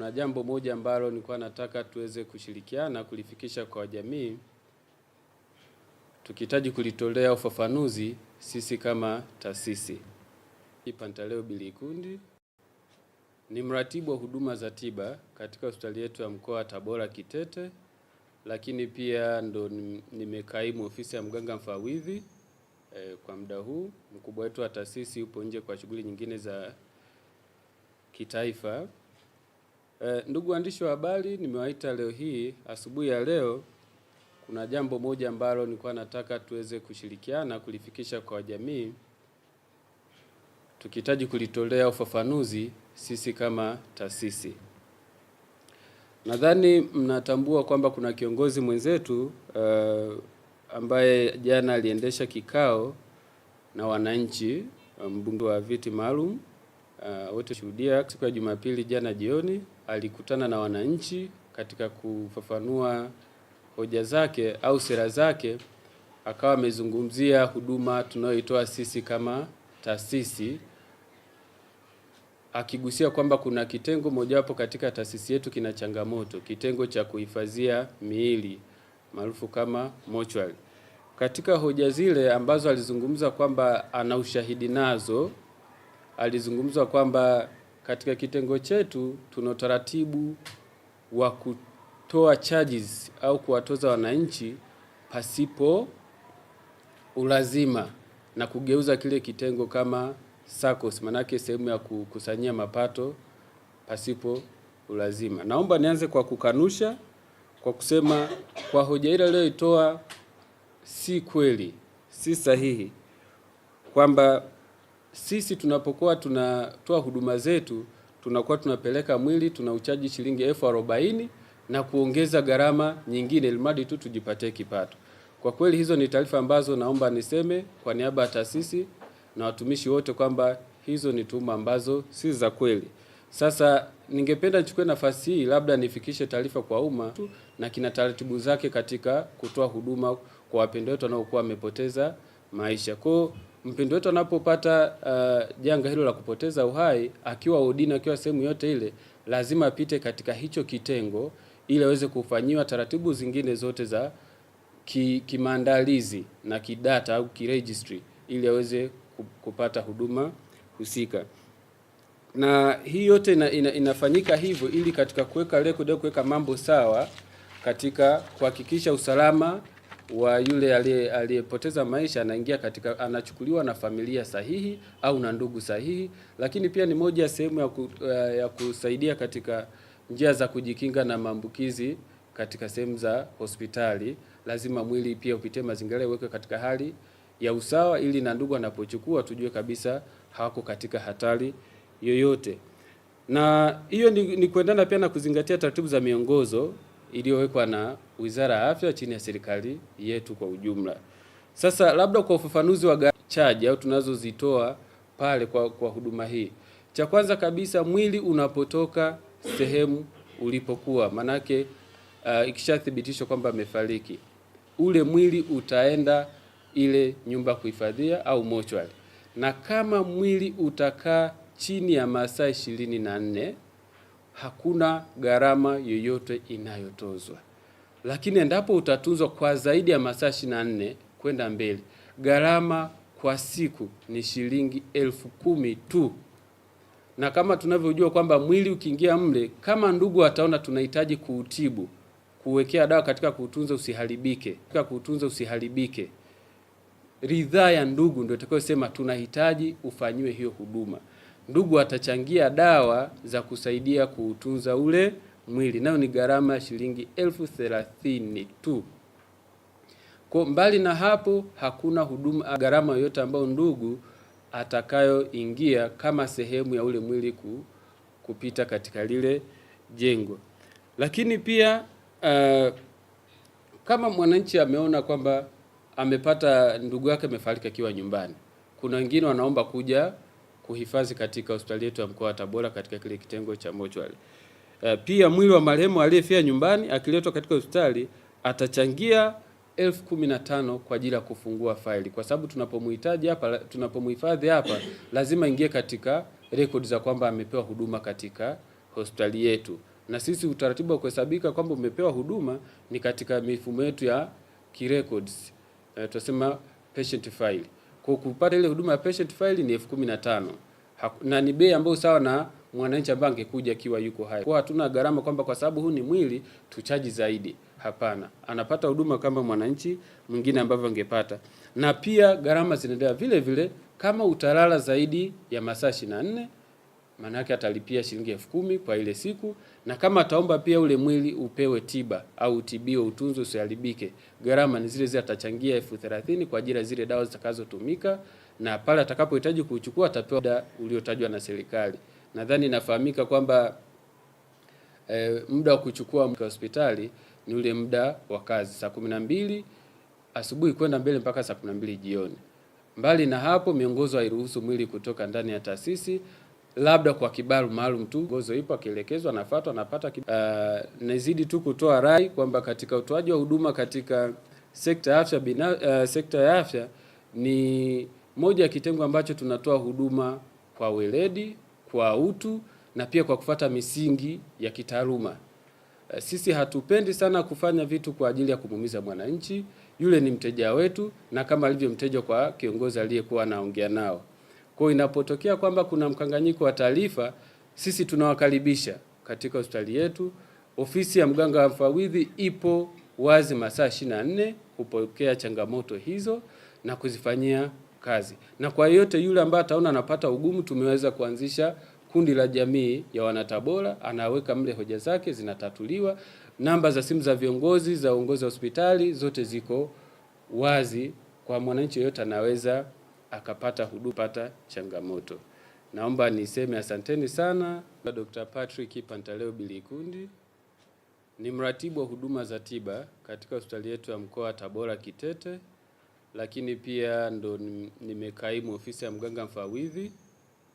kuna jambo moja ambalo nilikuwa nataka tuweze kushirikiana kulifikisha kwa jamii, tukihitaji kulitolea ufafanuzi sisi kama taasisi. Ipantaleo Bilikundi ni mratibu wa huduma za tiba katika hospitali yetu ya mkoa wa Tabora Kitete, lakini pia ndo nimekaimu ofisi ya mganga mfawidhi eh, kwa muda huu. Mkubwa wetu wa taasisi yupo nje kwa shughuli nyingine za kitaifa. E, ndugu waandishi wa habari, nimewaita leo hii asubuhi ya leo, kuna jambo moja ambalo nilikuwa nataka tuweze kushirikiana kulifikisha kwa jamii, tukihitaji kulitolea ufafanuzi sisi kama taasisi. Nadhani mnatambua kwamba kuna kiongozi mwenzetu uh, ambaye jana aliendesha kikao na wananchi, eh, mbunge wa viti maalum wote shuhudia siku ya Jumapili jana jioni alikutana na wananchi katika kufafanua hoja zake au sera zake, akawa amezungumzia huduma tunayoitoa sisi kama taasisi, akigusia kwamba kuna kitengo mojawapo katika taasisi yetu kina changamoto, kitengo cha kuhifadhia miili maarufu kama mortuary. Katika hoja zile ambazo alizungumza kwamba ana ushahidi nazo, alizungumza kwamba katika kitengo chetu tuna utaratibu wa kutoa charges au kuwatoza wananchi pasipo ulazima na kugeuza kile kitengo kama SACCOS, manake sehemu ya kukusanyia mapato pasipo ulazima. Naomba nianze kwa kukanusha kwa kusema kwa hoja ile aliyoitoa si kweli, si sahihi kwamba sisi tunapokuwa tunatoa huduma zetu tunakuwa tunapeleka mwili tunauchaji shilingi elfu arobaini na kuongeza gharama nyingine ilimradi tu tujipatie kipato. Kwa kweli hizo ni taarifa ambazo naomba niseme kwa niaba ya taasisi na watumishi wote kwamba hizo ni tuhuma ambazo si za kweli. Sasa ningependa nichukue nafasi hii labda nifikishe taarifa kwa umma na kina taratibu zake katika kutoa huduma kwa wapendwa wetu wanaokuwa wamepoteza maisha kwao mpendo wetu anapopata uh, janga hilo la kupoteza uhai akiwa udini, akiwa sehemu yote ile, lazima apite katika hicho kitengo ili aweze kufanyiwa taratibu zingine zote za kimaandalizi ki na kidata au kirejistry ili aweze kupata huduma husika na hii yote ina, ina, inafanyika hivyo ili katika kuweka rekodi au kuweka mambo sawa katika kuhakikisha usalama wa yule aliyepoteza maisha anaingia katika, anachukuliwa na familia sahihi au na ndugu sahihi, lakini pia ni moja ya sehemu ya, ku, eh, ya kusaidia katika njia za kujikinga na maambukizi katika sehemu za hospitali. Lazima mwili pia upitie mazingira, uwekwe katika hali ya usawa, ili na ndugu anapochukua tujue kabisa hawako katika hatari yoyote, na hiyo ni, ni kuendana pia na kuzingatia taratibu za miongozo iliyowekwa na Wizara ya Afya chini ya serikali yetu kwa ujumla. Sasa labda kwa ufafanuzi wa chaji au tunazozitoa pale kwa, kwa huduma hii, cha kwanza kabisa mwili unapotoka sehemu ulipokuwa, manake uh, ikishathibitishwa kwamba amefariki, ule mwili utaenda ile nyumba kuhifadhia au mochwali, na kama mwili utakaa chini ya masaa ishirini na nne hakuna gharama yoyote inayotozwa. Lakini endapo utatunzwa kwa zaidi ya masaa nne kwenda mbele, gharama kwa siku ni shilingi elfu kumi tu, na kama tunavyojua kwamba mwili ukiingia mle, kama ndugu ataona tunahitaji kuutibu, kuwekea dawa katika kuutunza usiharibike, katika kuutunza usiharibike, ridhaa ya ndugu ndio itakayosema tunahitaji ufanyiwe hiyo huduma ndugu atachangia dawa za kusaidia kuutunza ule mwili, nayo ni gharama ya shilingi elfu thelathini tu. Kwa mbali na hapo, hakuna huduma gharama yoyote ambayo ndugu atakayoingia kama sehemu ya ule mwili ku, kupita katika lile jengo. Lakini pia uh, kama mwananchi ameona kwamba amepata ndugu yake amefariki akiwa nyumbani, kuna wengine wanaomba kuja kuhifadhi katika hospitali yetu ya mkoa wa Tabora katika kile kitengo cha mochwali. Eh, pia mwili wa marehemu aliyefia nyumbani akiletwa katika hospitali atachangia elfu kumi na tano kwa ajili ya kufungua faili, kwa sababu tunapomhitaji hapa, tunapomhifadhi hapa, lazima ingie katika rekodi za kwamba amepewa huduma katika hospitali yetu, na sisi utaratibu wa kuhesabika kwamba umepewa huduma ni katika mifumo yetu ya kirecords, eh, tunasema patient file. Kwa kupata ile huduma ya patient file ni elfu kumi na tano na ni bei ambayo sawa na mwananchi ambaye angekuja akiwa yuko hai. Kwa hatuna gharama kwamba kwa sababu huu ni mwili tuchaji zaidi, hapana. Anapata huduma kama mwananchi mwingine ambavyo angepata, na pia gharama zinaendelea vile vile, kama utalala zaidi ya masaa 24 maana yake atalipia shilingi elfu kumi kwa ile siku, na kama ataomba pia ule mwili upewe tiba au utibiwe, utunzwe usiharibike, gharama ni zile zile, atachangia elfu thelathini kwa ajili ya zile dawa zitakazotumika, na pale atakapohitaji kuchukua atapewa muda uliotajwa na serikali. Nadhani inafahamika kwamba e, muda wa kuchukua hospitali ni ule muda wa kazi saa kumi na mbili asubuhi kwenda mbele mpaka saa kumi na mbili jioni. Mbali na hapo, miongozo hairuhusu mwili kutoka ndani ya taasisi labda kwa kibali maalum tu, gozo ipo, akielekezwa anafuatwa, anapata. Uh, nazidi tu kutoa rai kwamba katika utoaji wa huduma katika sekta ya afya bina, uh, sekta ya afya ni moja ya kitengo ambacho tunatoa huduma kwa weledi, kwa utu na pia kwa kufata misingi ya kitaaluma. Uh, sisi hatupendi sana kufanya vitu kwa ajili ya kumuumiza mwananchi. Yule ni mteja wetu, na kama alivyo mteja kwa kiongozi aliyekuwa anaongea nao. Kwa inapotokea kwamba kuna mkanganyiko wa taarifa, sisi tunawakaribisha katika hospitali yetu. Ofisi ya mganga wa mfawidhi ipo wazi masaa 24 kupokea changamoto hizo na kuzifanyia kazi. Na kwa yeyote yule ambaye ataona anapata ugumu, tumeweza kuanzisha kundi la jamii ya wanatabora, anaweka mle hoja zake zinatatuliwa. Namba za simu za viongozi za uongozi wa hospitali zote ziko wazi kwa mwananchi yeyote anaweza akapata huduma pata changamoto. Naomba niseme asanteni sana. Dr. Patrick Pantaleo Bilikundi ni mratibu wa huduma za tiba katika hospitali yetu ya mkoa Tabora Kitete, lakini pia ndo nimekaimu ofisi ya mganga mfawidhi.